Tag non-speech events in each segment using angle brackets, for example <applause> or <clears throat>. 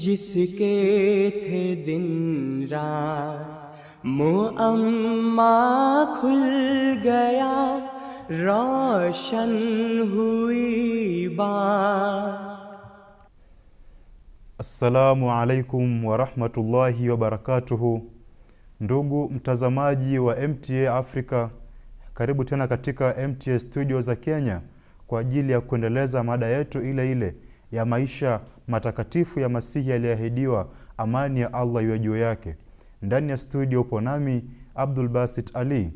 جس کے تھے دن दिन रात کھل گیا روشن ہوئی بات السلام علیکم alaikum اللہ wabarakatuhu, ndugu mtazamaji wa MTA Africa, karibu tena katika MTA studio za Kenya kwa ajili ya kuendeleza mada yetu ile ile ya maisha matakatifu ya Masihi aliyeahidiwa, amani ya Allah iwe juu yake. Ndani ya studio upo nami Abdul Basit Ali.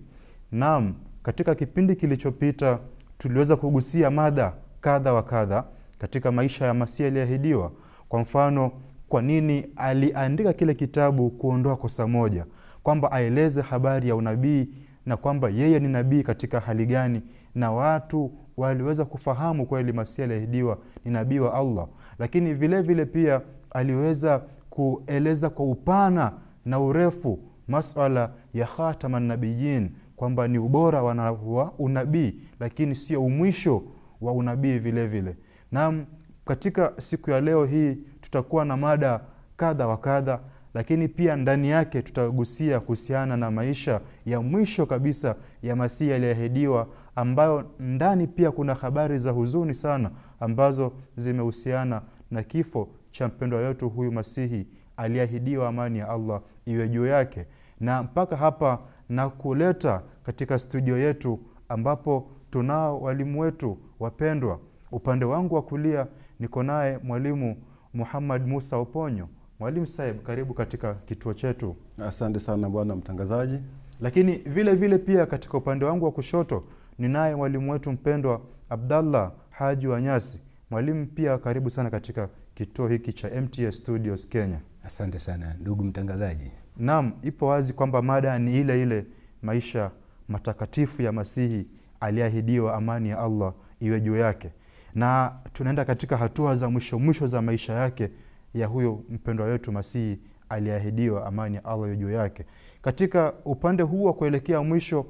nam katika kipindi kilichopita tuliweza kugusia mada kadha wa kadha katika maisha ya Masihi aliyeahidiwa. Kwa mfano, kwa nini aliandika kile kitabu Kuondoa Kosa Moja, kwamba aeleze habari ya unabii na kwamba yeye ni nabii katika hali gani, na watu waliweza kufahamu kweli Masihi aliahidiwa ni nabii wa Allah, lakini vile vile pia aliweza kueleza kwa upana na urefu masala ya khataman nabiyin kwamba ni ubora wa unabii, lakini sio umwisho wa unabii vile vile. Naam, katika siku ya leo hii tutakuwa na mada kadha wa kadha, lakini pia ndani yake tutagusia kuhusiana na maisha ya mwisho kabisa ya Masihi aliyeahidiwa ambayo ndani pia kuna habari za huzuni sana ambazo zimehusiana na kifo cha mpendwa wetu huyu Masihi aliyeahidiwa amani ya Allah iwe juu yake. Na mpaka hapa na kuleta katika studio yetu ambapo tunao walimu wetu wapendwa. Upande wangu wa kulia niko naye mwalimu Muhammad Musa Oponyo. Mwalimu Saib, karibu katika kituo chetu. Asante sana bwana mtangazaji. Lakini vile vile pia katika upande wangu wa kushoto Ninaye mwalimu wetu mpendwa Abdallah Haji Wanyasi, mwalimu pia karibu sana katika kituo hiki cha MTS Studios Kenya. Asante sana ndugu mtangazaji. Naam, ipo wazi kwamba mada ni ile ile, maisha matakatifu ya Masihi aliyeahidiwa, amani ya Allah iwe juu yake, na tunaenda katika hatua za mwisho mwisho za maisha yake ya huyo mpendwa wetu Masihi aliyeahidiwa, amani ya Allah iwe juu yake. Katika upande huu wa kuelekea mwisho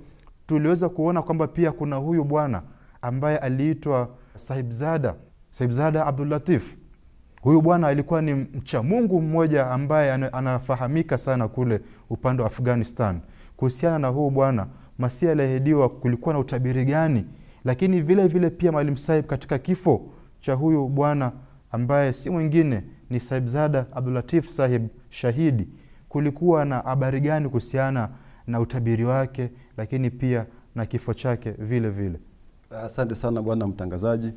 tuliweza kuona kwamba pia kuna huyu bwana ambaye aliitwa Sahibzada, Sahibzada Abdulatif. Huyu bwana alikuwa ni mcha Mungu mmoja ambaye anafahamika sana kule upande wa Afghanistan. Kuhusiana na huyu bwana Masihi aliahidiwa, kulikuwa na utabiri gani? Lakini vile vile pia mwalim Saib katika kifo cha huyu bwana ambaye si mwingine ni Sahibzada Abdulatif Sahib Shahidi, kulikuwa na habari gani kuhusiana na utabiri wake, lakini pia na kifo chake vile vile. Asante sana bwana mtangazaji.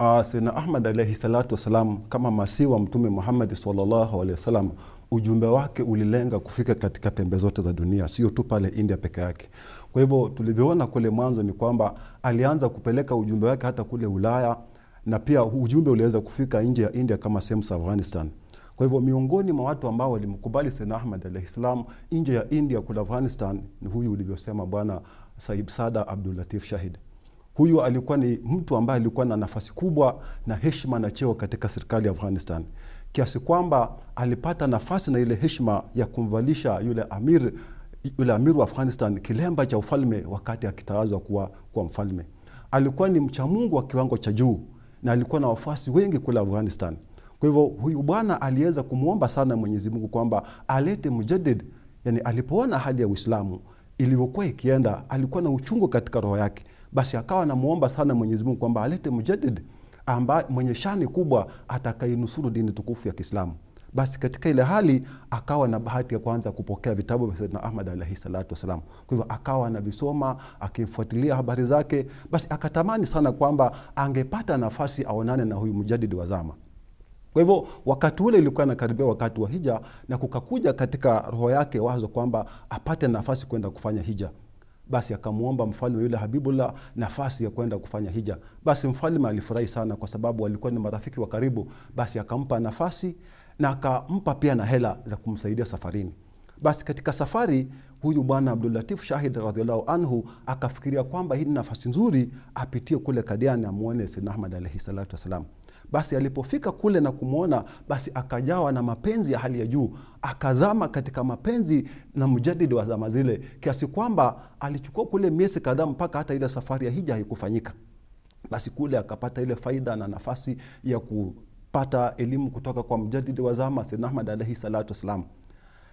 Uh, Sayyidina Ahmad alaihi salatu wasalam kama masihi wa Mtume muhamadi salllahu alehi wasalam ujumbe wake ulilenga kufika katika pembe zote za dunia, sio tu pale India peke yake. Kwa hivyo tulivyoona kule mwanzo ni kwamba alianza kupeleka ujumbe wake hata kule Ulaya na pia ujumbe uliweza kufika nje ya India kama sehemu za Afghanistan. Kwa hivyo miongoni mwa watu ambao walimkubali Sayyidna Ahmad alayhi salam nje ya India kule Afghanistan ni huyu ulivyosema bwana Sahib Sada Abdul Latif Shahid. Huyu alikuwa ni mtu ambaye alikuwa na nafasi kubwa na heshima na cheo katika serikali ya Afghanistan kiasi kwamba alipata nafasi na ile heshima ya kumvalisha yule amir yule amir wa Afghanistan kilemba cha ufalme wakati akitawazwa kuwa, kuwa mfalme. Alikuwa ni mchamungu wa kiwango cha juu na alikuwa na wafuasi wengi kule Afghanistan. Kwa hivyo huyu bwana aliweza kumwomba sana Mwenyezi Mungu kwamba alete mujadid, yani alipoona hali ya Uislamu ilivyokuwa ikienda, alikuwa na uchungu katika roho yake, basi akawa anamuomba sana Mwenyezi Mungu kwamba alete mujadid ambaye mwenye shani kubwa atakayenusuru dini tukufu ya Kiislamu. Basi katika ile hali akawa na bahati ya kwanza kupokea vitabu vya Saidina Ahmad alaihi salatu wassalam. Kwa hivyo akawa anavisoma akifuatilia habari zake, basi akatamani sana kwamba angepata nafasi aonane na huyu mjadidi wa zama. Kwa hivyo wakati ule ilikuwa nakaribia wakati wa hija, na kukakuja katika roho yake wazo kwamba apate nafasi kwenda kufanya hija. Basi akamwomba mfalme yule Habibullah nafasi ya kwenda kufanya hija. Basi mfalme alifurahi sana, kwa sababu alikuwa ni marafiki wa karibu. Basi akampa nafasi na akampa pia na hela za kumsaidia safarini. Basi katika safari huyu bwana Abdulatif Shahid radhiallahu anhu akafikiria kwamba hii ni nafasi nzuri apitie kule Kadiani amwone sidna Ahmad alaihi salatu wassalam. Basi alipofika kule na kumwona, basi akajawa na mapenzi ya hali ya juu, akazama katika mapenzi na mjadidi wa zama zile, kiasi kwamba alichukua kule miezi kadhaa mpaka hata ile safari ya hija haikufanyika. Basi kule akapata ile faida na nafasi ya kupata elimu kutoka kwa mjadidi wa zama Sayyidna alaihi salatu wassalam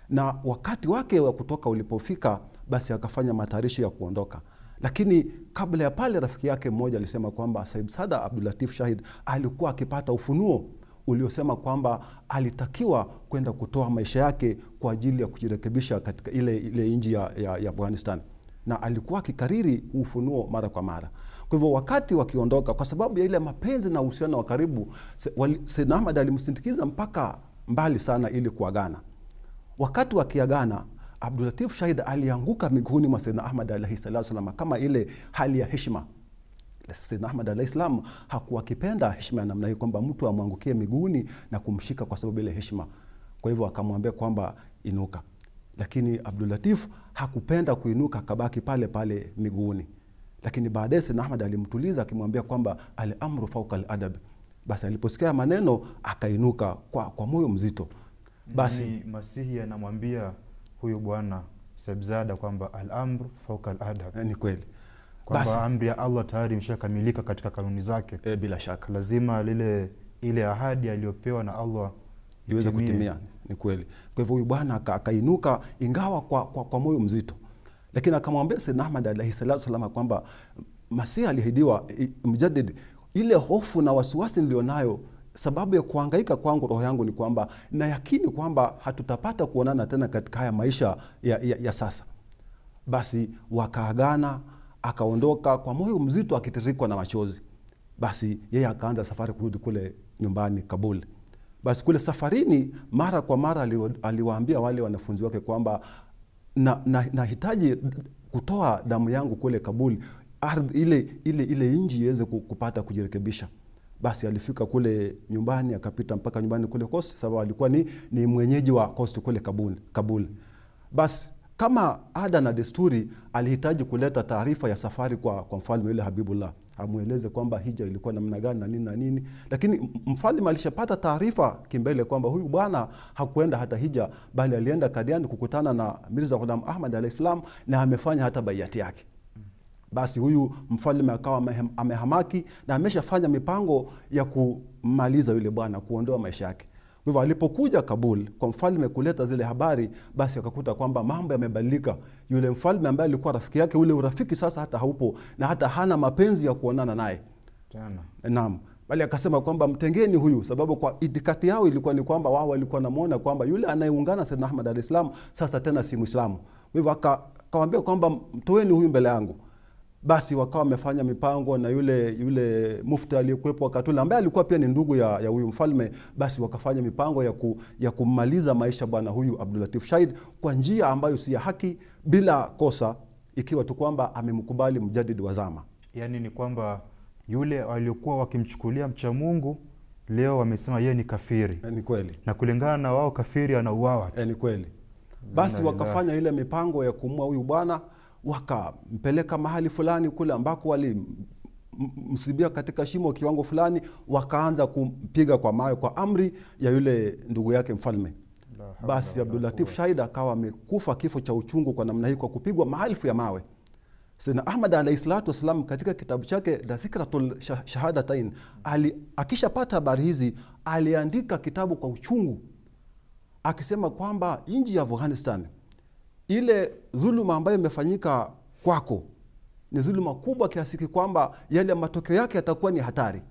na wakati wake wa kutoka ulipofika, basi akafanya matayarisho ya kuondoka. Lakini kabla ya pale, rafiki yake mmoja alisema kwamba saib Sada Abdulatif Shahid alikuwa akipata ufunuo uliosema kwamba alitakiwa kwenda kutoa maisha yake kwa ajili ya kujirekebisha katika ile, ile nji ya, ya, ya Afghanistan na alikuwa akikariri ufunuo mara kwa mara. Kwa hivyo wakati wakiondoka, kwa sababu ya ile mapenzi na uhusiano wa karibu, Sayyid alimsindikiza mpaka mbali sana ili kuagana. Wakati wakiagana, Abdulatif Shahid alianguka miguuni mwa Saidna Ahmad alaihi salatu wasallam, kama ile hali ya heshima. Saidna Ahmad alaihi salam hakuwa akipenda heshima ya namna hii, kwamba mtu amwangukie miguuni na kumshika kwa sababu ile heshima. Kwa hivyo akamwambia kwamba inuka, lakini Abdulatif hakupenda kuinuka, akabaki pale pale miguuni. Lakini baadaye Saidna Ahmad alimtuliza akimwambia kwamba al alamru fauka al-adab. Basi aliposikia maneno akainuka kwa, kwa moyo mzito. Basi Masihi anamwambia huyu bwana Sebzada kwamba al-amr fawqa al-adab. Eh, ni kweli kwamba amri ya Allah tayari imeshakamilika katika kanuni zake. E, bila shaka lazima lile ile ahadi aliyopewa na Allah iweze kutimia. Ni kweli. Kwa hivyo huyu bwana akainuka, ingawa kwa, kwa, kwa moyo mzito, lakini akamwambia Sayyidina Ahmad alayhi salatu wasallam kwamba Masihi aliahidiwa mjadid, ile hofu na wasiwasi nilionayo sababu ya kuhangaika kwangu roho yangu ni kwamba na yakini kwamba hatutapata kuonana tena katika haya maisha ya, ya, ya sasa. Basi wakaagana, akaondoka kwa moyo mzito akitirikwa na machozi. Basi yeye akaanza safari kurudi kule nyumbani Kabul. Basi kule safarini, mara kwa mara aliwaambia wale wanafunzi wake kwamba nahitaji na, na kutoa damu yangu kule Kabul, ardhi ile ile ile nji iweze kupata kujirekebisha. Basi alifika kule nyumbani akapita mpaka nyumbani kule coast sababu alikuwa ni, ni mwenyeji wa Kosti kule Kabul, Kabul. Basi kama ada na desturi, alihitaji kuleta taarifa ya safari kwa, kwa mfalme yule Habibullah amweleze kwamba hija ilikuwa namna gani na nini na nini, lakini mfalme alishapata taarifa kimbele kwamba huyu bwana hakuenda hata hija, bali alienda Kadiani kukutana na Mirza Ghulam Ahmad alahissalam na amefanya hata baiati yake. Basi huyu mfalme akawa amehamaki na ameshafanya mipango ya kumaliza yule bwana, kuondoa maisha yake. Kwa hivyo alipokuja Kabul kwa mfalme kuleta zile habari, basi akakuta kwamba mambo yamebadilika. Yule mfalme ambaye alikuwa rafiki yake, ule urafiki sasa hata haupo na hata hana mapenzi ya kuonana naye Naam, bali akasema kwamba mtengeni huyu, sababu kwa itikati yao ilikuwa ni kwamba wao walikuwa namwona kwamba yule anayeungana Sayyidna Ahmad alislam sasa tena si Mwislamu. Kwa hivyo akawambia kwamba mtoeni huyu mbele yangu basi wakawa wamefanya mipango na yule yule mufti aliyekuwepo wakati ule ambaye alikuwa pia ni ndugu ya, ya huyu mfalme. Basi wakafanya mipango ya, ku, ya kummaliza maisha bwana huyu Abdulatif Shahid kwa njia ambayo si ya haki, bila kosa, ikiwa tu kwamba amemkubali mjadid wa zama. yani ni kwamba yule waliokuwa wakimchukulia mcha Mungu leo wamesema yeye ni kafiri. E, ni kweli. Na kulingana na wao kafiri anauawa tu. E, ni kweli. Basi wakafanya ile mipango ya kumua huyu bwana wakampeleka mahali fulani kule ambako walimsibia katika shimo kiwango fulani, wakaanza kumpiga kwa mawe kwa amri ya yule ndugu yake mfalme. Basi Abdulatif Shahid akawa amekufa kifo cha uchungu kwa namna hii, kwa kupigwa maalfu ya mawe. Sayyidna Ahmad alahi salatu wassalam katika kitabu chake dhikratu Shahadatain akishapata habari hizi aliandika kitabu kwa uchungu akisema kwamba nji ya Afghanistan ile dhuluma ambayo imefanyika kwako ni dhuluma kubwa kiasi kwamba yale matokeo yake yatakuwa ni hatari,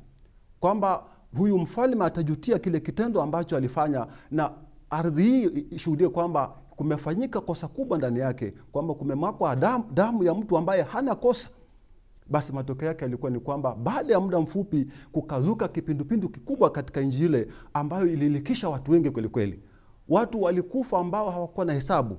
kwamba huyu mfalme atajutia kile kitendo ambacho alifanya, na ardhi hii ishuhudie kwamba kumefanyika kosa kubwa ndani yake, kwamba kumemakwa damu, damu ya mtu ambaye hana kosa. Basi matokeo yake yalikuwa ni kwamba baada ya muda mfupi kukazuka kipindupindu kikubwa katika nchi ile ambayo ililikisha watu wengi kwelikweli. Watu walikufa ambao hawakuwa na hesabu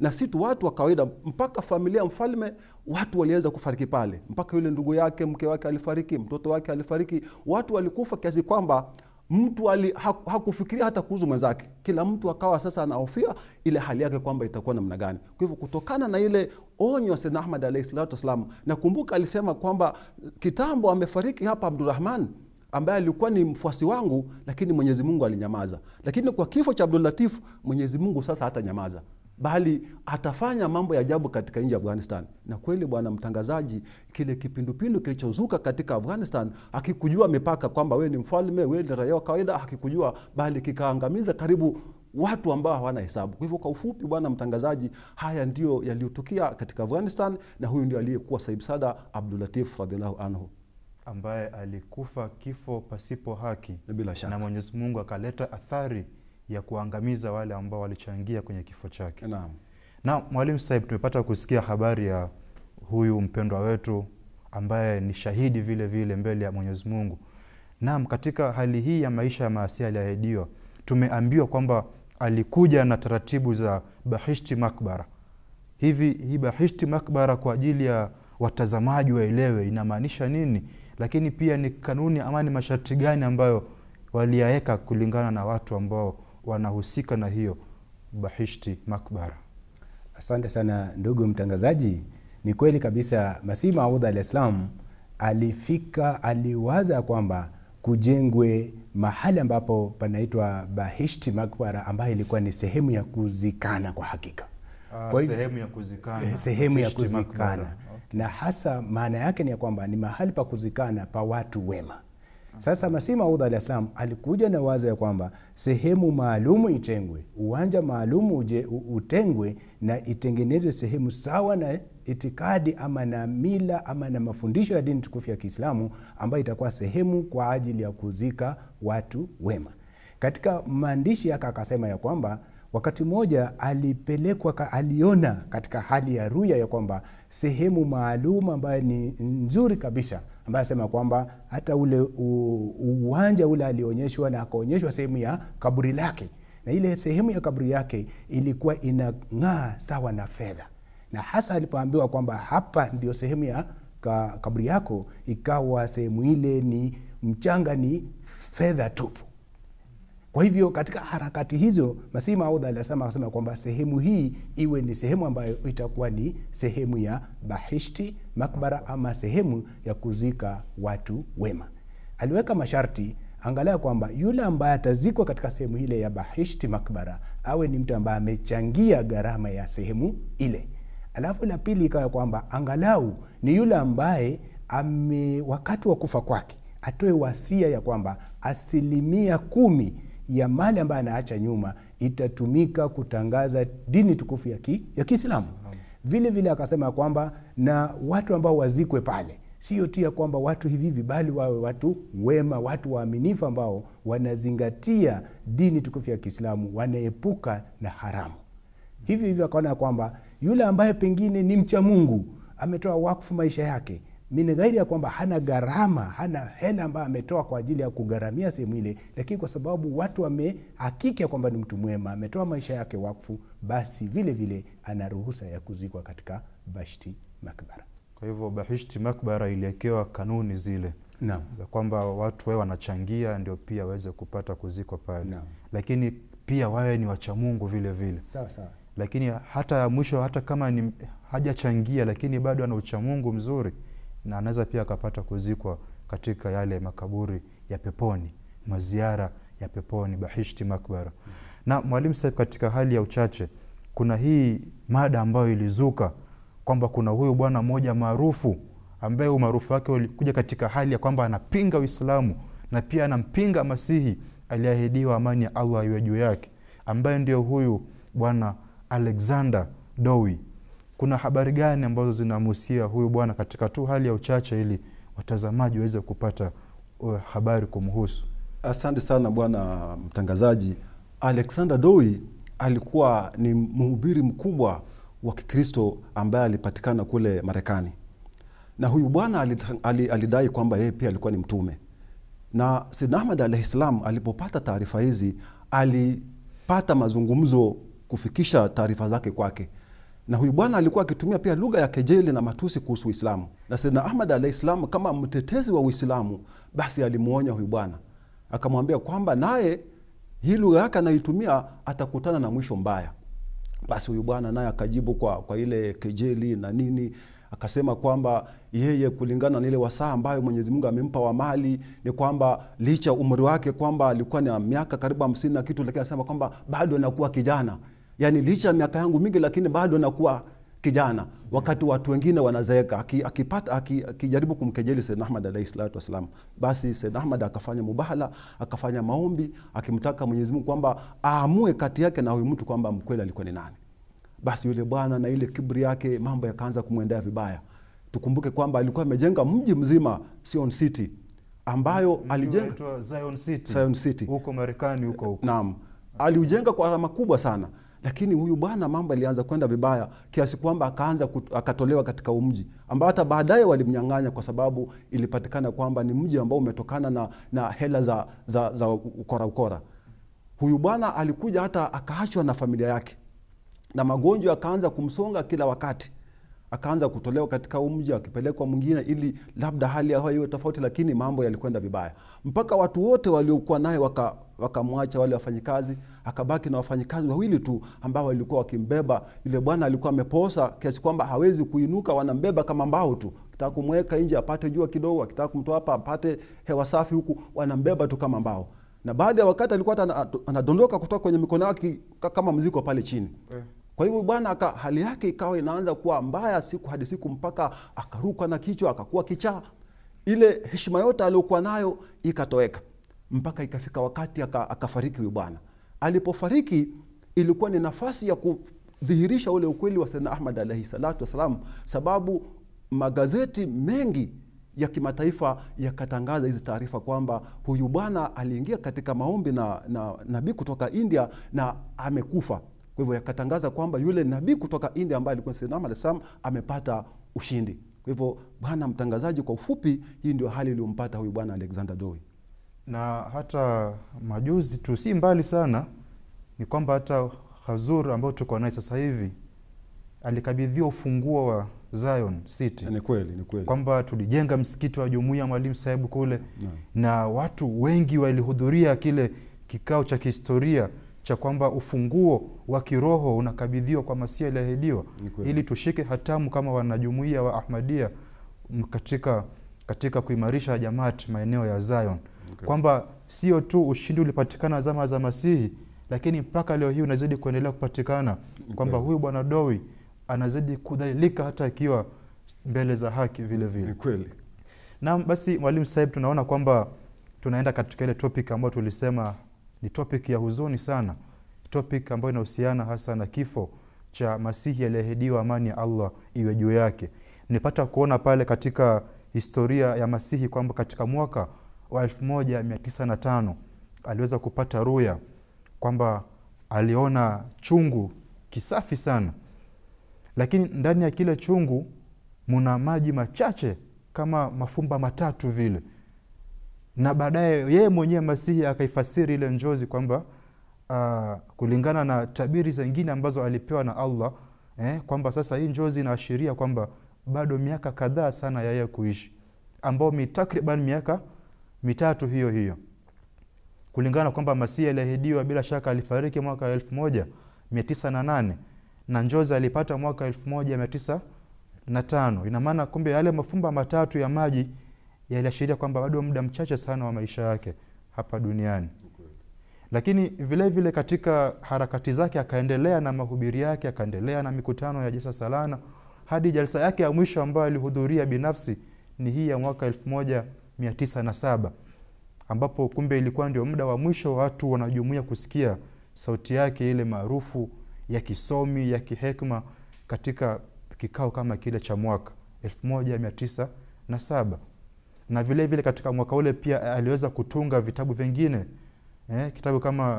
na si tu watu wa kawaida, mpaka familia mfalme, watu waliweza kufariki pale, mpaka yule ndugu yake, mke wake alifariki, mtoto wake alifariki, watu walikufa kiasi kwamba mtu ali, hakufikiria hata kuhusu mwenzake. Kila mtu akawa sasa anahofia ile hali yake kwamba itakuwa namna gani. Kwa hivyo kutokana na ile onyo ya Ahmad alayhi salatu wassalam, nakumbuka alisema kwamba kitambo amefariki hapa abdurahman ambaye alikuwa ni mfuasi wangu, lakini Mwenyezi Mungu alinyamaza. Lakini kwa kifo cha Abdul mwenyezimungu Mwenyezi Mungu sasa hatanyamaza bali atafanya mambo ya ajabu katika nchi ya Afghanistan. Na kweli, bwana mtangazaji, kile kipindupindu kilichozuka katika Afghanistan akikujua mipaka kwamba wee ni mfalme, we ni raia wa kawaida, akikujua bali kikaangamiza karibu watu ambao hawana hesabu. Kwa hivyo kwa ufupi, bwana mtangazaji, haya ndiyo yaliyotukia katika Afghanistan, na huyu ndio aliyekuwa saibsada Abdulatif radhiallahu anhu ambaye alikufa kifo pasipo haki, na mwenyezimungu akaleta athari ya kuangamiza wale ambao walichangia kwenye kifo chake. Naam. Na Mwalimu Saib, tumepata kusikia habari ya huyu mpendwa wetu ambaye ni shahidi vile vile mbele ya Mwenyezi Mungu. Naam, katika hali hii ya maisha ya maasi aliahidiwa, tumeambiwa kwamba alikuja na taratibu za bahishti makbara. Hivi hii bahishti makbara, kwa ajili ya watazamaji waelewe inamaanisha nini, lakini pia ni kanuni ama ni masharti gani ambayo waliyaweka kulingana na watu ambao wanahusika na hiyo bahishti makbara. Asante sana ndugu mtangazaji. Ni kweli kabisa, Masihi Maud alislam alifika, aliwaza kwamba kujengwe mahali ambapo panaitwa bahishti makbara, ambayo ilikuwa ni sehemu ya kuzikana kwa hakika. Ah, sehemu ya kuzikana, eh, sehemu ya kuzikana. Okay. Na hasa maana yake ni ya kwamba ni mahali pa kuzikana pa watu wema sasa Masihi Maud alaihis salaam alikuja na wazo ya kwamba sehemu maalumu itengwe, uwanja maalumu uje utengwe na itengenezwe sehemu sawa na itikadi ama na mila ama na mafundisho ya dini tukufu ya Kiislamu ambayo itakuwa sehemu kwa ajili ya kuzika watu wema. Katika maandishi yake akasema ya kwamba wakati mmoja alipelekwa, aliona katika hali ya ruya ya kwamba sehemu maalum ambayo ni nzuri kabisa ambaye anasema kwamba hata ule uwanja ule alionyeshwa na akaonyeshwa sehemu ya kaburi lake, na ile sehemu ya kaburi yake ilikuwa inang'aa sawa na fedha, na hasa alipoambiwa kwamba hapa ndio sehemu ya kaburi yako, ikawa sehemu ile ni mchanga, ni fedha tupu. Kwa hivyo katika harakati hizo Masihi Maud alisema akasema kwamba sehemu hii iwe ni sehemu ambayo itakuwa ni sehemu ya bahishti makbara, ama sehemu ya kuzika watu wema. Aliweka masharti angalia kwamba yule ambaye atazikwa katika sehemu ile ya bahishti makbara awe ni mtu ambaye amechangia gharama ya sehemu ile. Alafu la pili ikawa kwamba angalau ni yule ambaye ame wakati wa kufa kwake atoe wasia ya kwamba asilimia kumi ya mali ambayo anaacha nyuma itatumika kutangaza dini tukufu ya, ki, ya Kiislamu. Vile vile akasema kwamba na watu ambao wazikwe pale sio tu ya kwamba watu hivi hivi, bali wawe watu wema, watu waaminifu ambao wanazingatia dini tukufu ya Kiislamu, wanaepuka na haramu. Hivyo hivyo akaona kwamba yule ambaye pengine ni mcha Mungu ametoa wakfu maisha yake ni dhahiri ya kwamba hana gharama, hana hela ambayo ametoa kwa ajili ya kugharamia sehemu ile, lakini kwa sababu watu wamehakiki kwamba ni mtu mwema, ametoa maisha yake wakfu, basi vile vile ana ruhusa ya kuzikwa katika Bashti Makbara. Kwa hivyo Bahishti Makbara iliwekewa kanuni zile na kwamba watu wawe wanachangia ndio pia waweze kupata kuzikwa pale, lakini pia wawe ni wachamungu vile vile, sawa sawa lakini hata mwisho, hata kama ni hajachangia, lakini bado ana uchamungu mzuri na anaweza pia akapata kuzikwa katika yale makaburi ya peponi, maziara ya peponi, bahishti makbara. Na mwalimu sahib, katika hali ya uchache, kuna hii mada ambayo ilizuka kwamba kuna huyu bwana mmoja maarufu ambaye umaarufu wake ulikuja katika hali ya kwamba anapinga Uislamu na pia anampinga Masihi aliyeahidiwa amani ya Allah iwe juu yake, ambaye ndio huyu bwana Alexander Dowie kuna habari gani ambazo zinamhusia huyu bwana katika tu hali ya uchache ili watazamaji waweze kupata uh, habari kumhusu. Asante sana bwana mtangazaji. Alexander Doi alikuwa ni mhubiri mkubwa wa Kikristo ambaye alipatikana kule Marekani, na huyu bwana alidai kwamba yeye pia alikuwa ni mtume, na Sayyid alahislam alipopata taarifa hizi alipata mazungumzo kufikisha taarifa zake kwake na huyu bwana alikuwa akitumia pia lugha ya kejeli na matusi kuhusu Uislamu, na Saidna Ahmad alahi salam kama mtetezi wa Uislamu basi alimwonya huyu bwana akamwambia kwamba naye hii lugha yake anaitumia atakutana na mwisho mbaya. Basi huyu bwana naye akajibu kwa, kwa ile kejeli na nini akasema kwamba yeye kulingana na ile wasaa ambayo Mwenyezi Mungu amempa wa mali ni kwamba licha umri wake kwamba alikuwa na miaka karibu hamsini na kitu, lakini anasema kwamba bado anakuwa kijana Yaani licha ya miaka yangu mingi, lakini bado nakuwa kijana, wakati watu wengine wanazeeka. Akipata aki akijaribu aki kumkejeli Sayyidna Ahmad alayhi salatu wasalam, basi Sayyidna Ahmad akafanya mubahala, akafanya maombi akimtaka Mwenyezi Mungu kwamba aamue kati yake na huyu mtu kwamba mkweli alikuwa ni nani. Basi yule bwana na ile kibri yake, mambo yakaanza kumwendea vibaya. Tukumbuke kwamba alikuwa amejenga mji mzima sion City ambayo alijenga Zion City, Zion City huko Marekani huko huko, naam, aliujenga kwa alama kubwa sana lakini huyu bwana mambo yalianza kwenda vibaya kiasi kwamba akaanza akatolewa katika umji ambao hata baadaye walimnyang'anya, kwa sababu ilipatikana kwamba ni mji ambao umetokana na, na hela za, za, za ukora ukora. Huyu bwana alikuja hata akaachwa na familia yake, na magonjwa akaanza kumsonga kila wakati akaanza kutolewa katika umji akipelekwa mwingine, ili labda hali yao iwe tofauti, lakini mambo yalikwenda vibaya mpaka watu wote waliokuwa naye wakamwacha wale wafanyikazi, akabaki na wafanyikazi wawili tu ambao walikuwa wakimbeba yule bwana. Alikuwa ameposa kiasi kwamba hawezi kuinuka, wanambeba kama mbao tu, akitaka kumweka nje apate jua kidogo, akitaka kumtoa hapa apate hewa safi, huku wanambeba tu kama mbao na baadhi ya wakati alikuwa anadondoka kutoka kwenye mikono yake kama mziko pale chini eh. Kwa hivyo bwana, hali yake ikawa inaanza kuwa mbaya siku hadi siku, mpaka akaruka na kichwa, akakuwa kichaa. Ile heshima yote aliyokuwa nayo ikatoweka mpaka ikafika wakati akafariki huyu bwana. Alipofariki ilikuwa ni nafasi ya kudhihirisha ule ukweli wa Saidna Ahmad alaihi salatu wassalam, sababu magazeti mengi ya kimataifa yakatangaza hizi taarifa kwamba huyu bwana aliingia katika maombi na, na nabii kutoka India na amekufa. Kwa hivyo yakatangaza kwamba yule nabii kutoka India ambaye alikuwa Sayyidna salam amepata ushindi. Kwa hivyo bwana mtangazaji, kwa ufupi, hii ndio hali iliyompata huyu bwana Alexander doi na hata majuzi tu, si mbali sana, ni kwamba hata Hazur ambao tuko naye sasa hivi alikabidhiwa ufunguo wa Zion City. Ni kweli, ni kweli kwamba tulijenga msikiti wa jumuiya Mwalimu Sahibu kule na, na watu wengi walihudhuria kile kikao cha kihistoria cha kwamba ufunguo wa kiroho unakabidhiwa kwa Masia aliyeahidiwa ili tushike hatamu kama wanajumuiya wa Ahmadia katika, katika kuimarisha jamaat maeneo ya Zion okay. kwamba sio tu ushindi ulipatikana zama za Masihi, lakini mpaka leo hii unazidi kuendelea kupatikana kwamba okay. huyu bwana Dowi anazidi kudhalilika hata akiwa mbele za haki vile vile. basi mwalimu sahib tunaona kwamba tunaenda katika ile topic ambayo tulisema ni topic ya huzuni sana, topic ambayo inahusiana hasa na kifo cha Masihi aliyehidiwa amani ya Allah iwe juu yake. Nipata kuona pale katika historia ya Masihi kwamba katika mwaka wa 1905 aliweza kupata ruya kwamba aliona chungu kisafi sana, lakini ndani ya kile chungu muna maji machache kama mafumba matatu vile, na baadaye yeye mwenyewe Masihi akaifasiri ile njozi kwamba uh, kulingana na tabiri zingine ambazo alipewa na Allah eh, kwamba sasa hii njozi inaashiria kwamba bado miaka kadhaa sana ya yeye kuishi, ambao ni takriban miaka mitatu hiyo hiyo kulingana kwamba Masihi aliahidiwa bila shaka alifariki mwaka elfu moja mia tisa na nane na njozi alipata mwaka elfu moja mia tisa na tano. Ina maana kumbe yale mafumba matatu ya maji yaliashiria kwamba bado muda mchache sana wa maisha yake hapa duniani, lakini vilevile vile katika harakati zake akaendelea na mahubiri yake, akaendelea na mikutano ya jesa Salana hadi jalsa yake ya mwisho ambayo alihudhuria binafsi ni hii ya mwaka elfu moja 907 ambapo kumbe ilikuwa ndio muda wa mwisho watu wanajumuia kusikia sauti yake ile maarufu ya kisomi ya kihekma katika kikao kama kile cha mwaka 197 na, na vile vile katika mwaka ule pia aliweza kutunga vitabu vingine eh, kitabu kama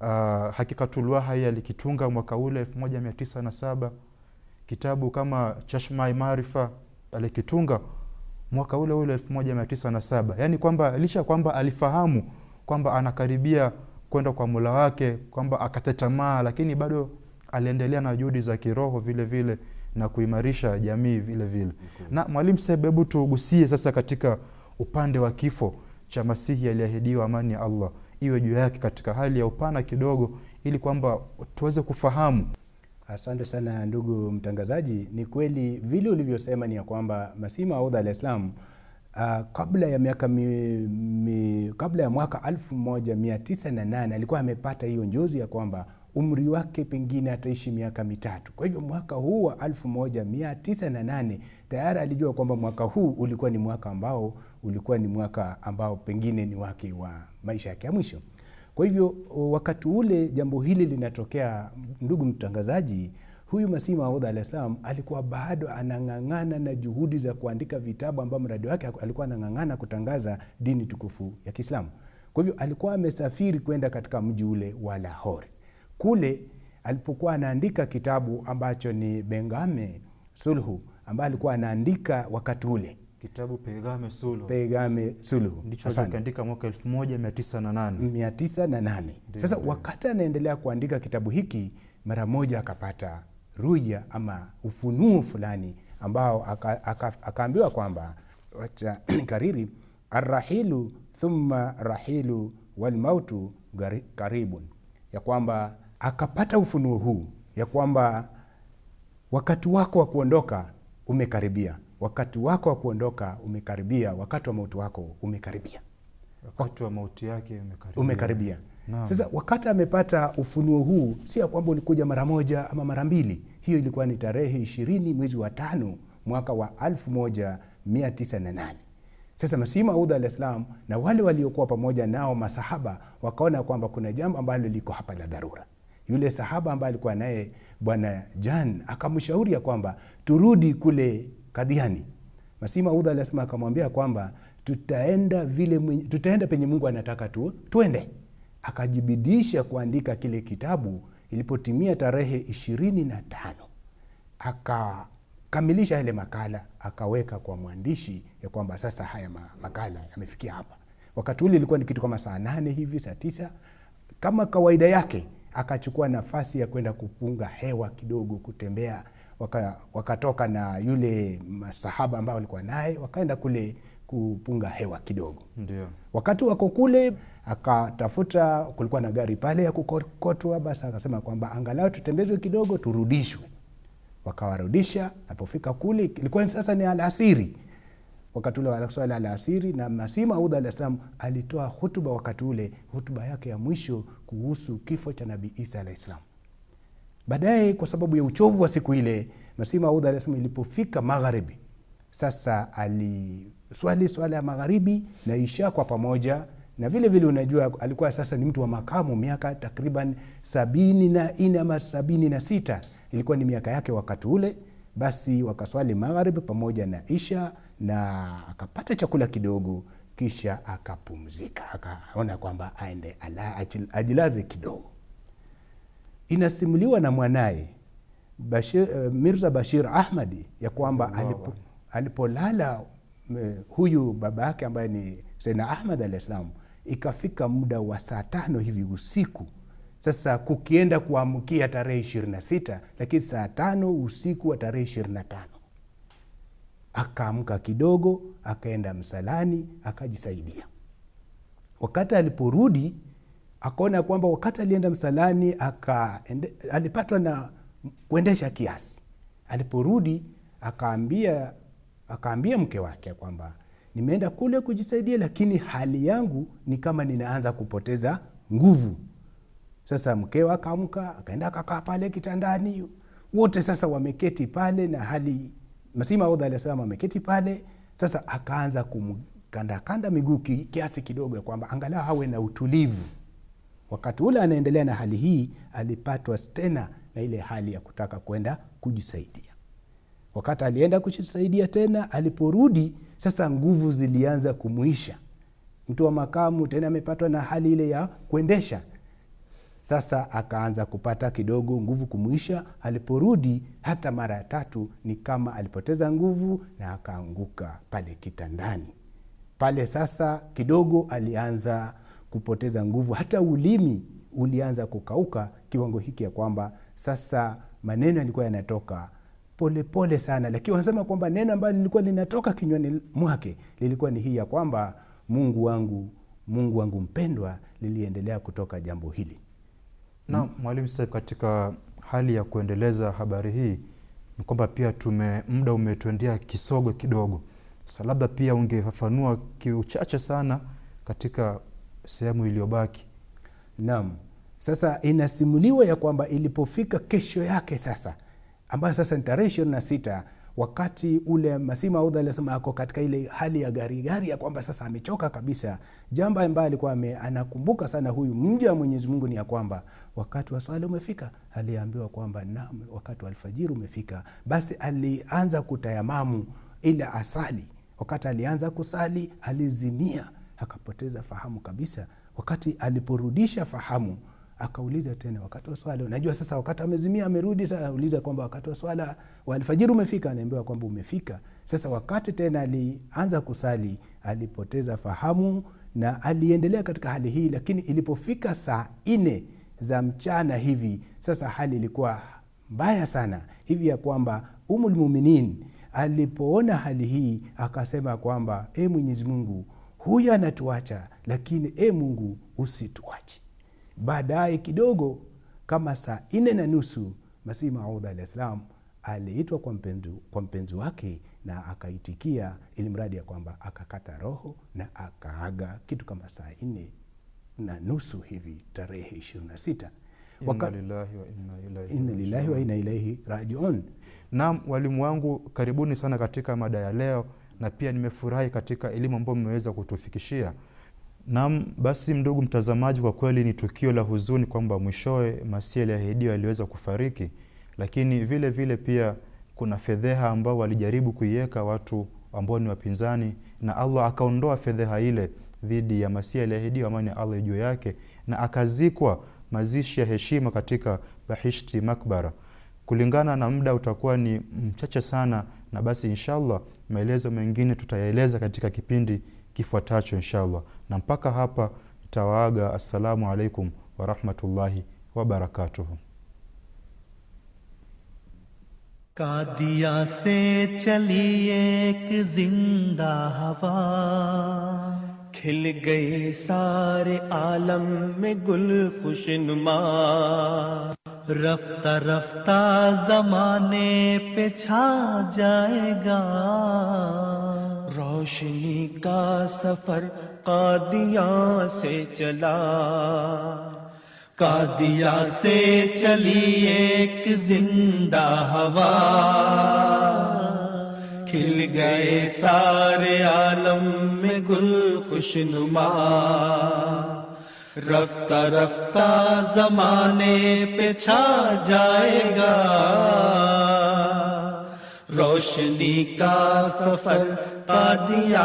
uh, ah, hakikatulwahai alikitunga mwaka ule 1907 kitabu kama chashmai marifa alikitunga mwaka ule ule 1907 yaani kwamba licha kwamba alifahamu kwamba anakaribia kwenda kwa mula wake kwamba akatetamaa, lakini bado aliendelea na juhudi za kiroho vile vile na kuimarisha jamii vile vile. Okay. Na Mwalimu Sebe, hebu tugusie sasa katika upande wa kifo cha Masihi aliyeahidiwa, amani ya Allah iwe juu yake, katika hali ya upana kidogo, ili kwamba tuweze kufahamu Asante sana ndugu mtangazaji. Ni kweli vile ulivyosema, ni ya kwamba Masihi Maud alaihis salaam Uh, ah, kabla ya miaka mi, mi, kabla ya mwaka 1908 alikuwa amepata hiyo njozi ya kwamba umri wake pengine ataishi miaka mitatu. Kwa hivyo mwaka huu wa 1908 tayari alijua kwamba mwaka huu ulikuwa ni mwaka ambao ulikuwa ni mwaka ambao pengine ni wake wa maisha yake ya mwisho. Kwa hivyo wakati ule jambo hili linatokea, ndugu mtangazaji, huyu Masihi Maud alaihis salam alikuwa bado anang'ang'ana na juhudi za kuandika vitabu ambayo mradi wake alikuwa anang'ang'ana kutangaza dini tukufu ya Kiislamu. Kwa hivyo alikuwa amesafiri kwenda katika mji ule wa Lahore. Kule alipokuwa anaandika kitabu ambacho ni Bengame Sulhu ambayo alikuwa anaandika wakati ule Kitabu Pergame Sulu. Pergame Sulu. Ndicho alichoandika mwaka 1908. 1908. Mm. Sasa wakati anaendelea kuandika kitabu hiki mara moja akapata ruja ama ufunuo fulani ambao akaambiwa aka, aka kwamba wacha <clears throat> kariri arrahilu thumma rahilu walmautu karibun, ya kwamba akapata ufunuo huu ya kwamba wakati wako wa kuondoka umekaribia wakati wako wa kuondoka umekaribia, wakati wa mauti wako umekaribia, wakati wa mauti yake umekaribia, umekaribia. No. Sasa wakati amepata ufunuo huu, si ya kwamba ulikuja mara moja ama mara mbili. Hiyo ilikuwa ni tarehe ishirini mwezi wa tano mwaka wa elfu moja mia tisa na nane. Sasa Masihi Maud alaihis salaam na wale waliokuwa pamoja nao masahaba wakaona kwamba kuna jambo ambalo liko hapa la dharura. Yule sahaba ambaye alikuwa naye Bwana Jan akamshauri ya kwamba turudi kule kadhiani Masihi Maud alisema akamwambia kwamba tutaenda vile mwenye, tutaenda penye Mungu anataka tu twende. Akajibidisha kuandika kile kitabu. Ilipotimia tarehe ishirini na tano akakamilisha yale makala, akaweka kwa mwandishi ya kwamba sasa haya makala yamefikia hapa. Wakati ule ilikuwa ni kitu kama saa nane hivi, saa tisa kama kawaida yake akachukua nafasi ya kwenda kupunga hewa kidogo, kutembea waka, wakatoka na yule masahaba ambao walikuwa naye wakaenda kule kupunga hewa kidogo. Ndiyo. wakati wako kule, akatafuta kulikuwa na gari pale ya kukokotwa, basi akasema kwamba angalau tutembezwe kidogo turudishwe. Wakawarudisha. Alipofika kule ilikuwa sasa ni alasiri, wakati ule wa alasiri, na Masihi Maud alaihis salaam alitoa hutuba wakati ule, hutuba yake ya mwisho kuhusu kifo cha Nabii Isa alaihis salaam. Baadaye kwa sababu ya uchovu wa siku ile, Masihi Maud alisema ilipofika magharibi, sasa aliswali swala ya magharibi na isha kwa pamoja na vile vile unajua alikuwa sasa ni mtu wa makamu miaka takriban sabini na nne ama sabini na sita ilikuwa ni miaka yake wakati ule. Basi wakaswali magharibi pamoja na isha, na akapata chakula kidogo, kisha akapumzika, akaona kwamba aende ajilaze kidogo inasimuliwa na mwanaye Bashir, eh, Mirza Bashir Ahmadi ya kwamba alipo, alipolala eh, huyu baba yake ambaye ni Saidna Ahmad alah salam ikafika muda wa saa tano hivi usiku sasa kukienda kuamkia tarehe ishirini na sita lakini saa tano usiku wa tarehe ishirini na tano akaamka kidogo, akaenda msalani akajisaidia. Wakati aliporudi akaona kwamba wakati alienda msalani aka, ende, alipatwa na kuendesha kiasi. Aliporudi akaambia akaambia mke wake kwamba nimeenda kule kujisaidia, lakini hali yangu ni kama ninaanza kupoteza nguvu. Sasa mkewe akaamka akaenda akakaa pale kitandani, wote sasa wameketi pale na hali Masihi Maud ameketi pale. Sasa akaanza kumkandakanda miguu kiasi kidogo, ya kwamba angalau awe na utulivu. Wakati ule anaendelea na hali hii, alipatwa tena na ile hali ya kutaka kwenda kujisaidia. Wakati alienda kujisaidia tena, aliporudi sasa, nguvu zilianza kumwisha. Mtu wa makamu tena amepatwa na hali ile ya kuendesha sasa akaanza kupata kidogo nguvu kumwisha. Aliporudi hata mara ya tatu, ni kama alipoteza nguvu na akaanguka pale kitandani pale. Sasa kidogo alianza kupoteza nguvu, hata ulimi ulianza kukauka kiwango hiki ya kwamba sasa maneno yalikuwa yanatoka polepole pole sana, lakini wanasema kwamba neno ambalo lilikuwa linatoka kinywani mwake lilikuwa ni hii ya kwamba Mungu wangu, Mungu wangu mpendwa, liliendelea kutoka jambo hili na Mwalimu Saib, katika hali ya kuendeleza habari hii ni kwamba pia tume muda umetuendea kisogo kidogo. Sasa labda pia ungefafanua kiuchache sana katika sehemu iliyobaki. Naam, sasa inasimuliwa ya kwamba ilipofika kesho yake sasa, ambayo sasa ni tarehe ishirini na sita wakati ule Masihi alisema ako katika ile hali ya garigari gari ya kwamba sasa amechoka kabisa. Jambo ambayo alikuwa anakumbuka sana huyu mja wa Mwenyezi Mungu ni ya kwamba wakati wa swali umefika. Aliambiwa kwamba naam, wakati wa alfajiri umefika. Basi alianza kutayamamu ile asali. Wakati alianza kusali alizimia akapoteza fahamu kabisa. Wakati aliporudisha fahamu akauliza tena wakati wa swala. Unajua sasa, wakati amezimia amerudi sasa, kwamba wakati wa swala wa alfajiri umefika, anaambiwa kwamba umefika. Sasa wakati tena alianza kusali alipoteza fahamu, na aliendelea katika hali hii, lakini ilipofika saa nne za mchana hivi sasa, hali ilikuwa mbaya sana hivi ya kwamba Umul Muminin alipoona hali hii akasema kwamba e, Mwenyezi Mungu huyu anatuacha, lakini e Mungu usituache. Baadaye kidogo kama saa nne na nusu Masihi Maud alahi salam aliitwa kwa mpenzi, kwa mpenzi wake na akaitikia, ili mradi ya kwamba akakata roho na akaaga kitu kama saa nne na nusu hivi tarehe ishirini na sita Waka... inna lillahi wa inna ilaihi rajiun. Naam, walimu wangu, karibuni sana katika mada ya leo na pia nimefurahi katika elimu ambayo mmeweza kutufikishia. Naam, basi ndugu mtazamaji, kwa kweli ni tukio la huzuni kwamba mwishowe Masihi aliahidiwa aliweza kufariki, lakini vile vile pia kuna fedheha ambao walijaribu kuiweka watu ambao ni wapinzani, na Allah akaondoa fedheha ile dhidi ya Masihi aliahidiwa, amani ya Allah juu yake, na akazikwa mazishi ya heshima katika Bahishti Makbara. Kulingana na muda utakuwa ni mchache sana na basi inshallah maelezo mengine tutayaeleza katika kipindi kifuatacho inshallah na mpaka hapa nitawaaga assalamu alaikum warahmatullahi wabarakatuhu Qadian से चली एक जिंदा हवा खिल गए सारे आलम में गुल खुशनुमा رفتہ رفتہ زمانے پہ چھا جائے گا روشنی کا سفر قادیاں سے چلا قادیا سے چلی ایک زندہ ہوا کھل گئے سارے عالم میں گل خوش نما رفتہ رفتہ زمانے پہ چھا جائے گا روشنی کا سفر قادیہ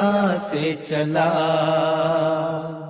سے چلا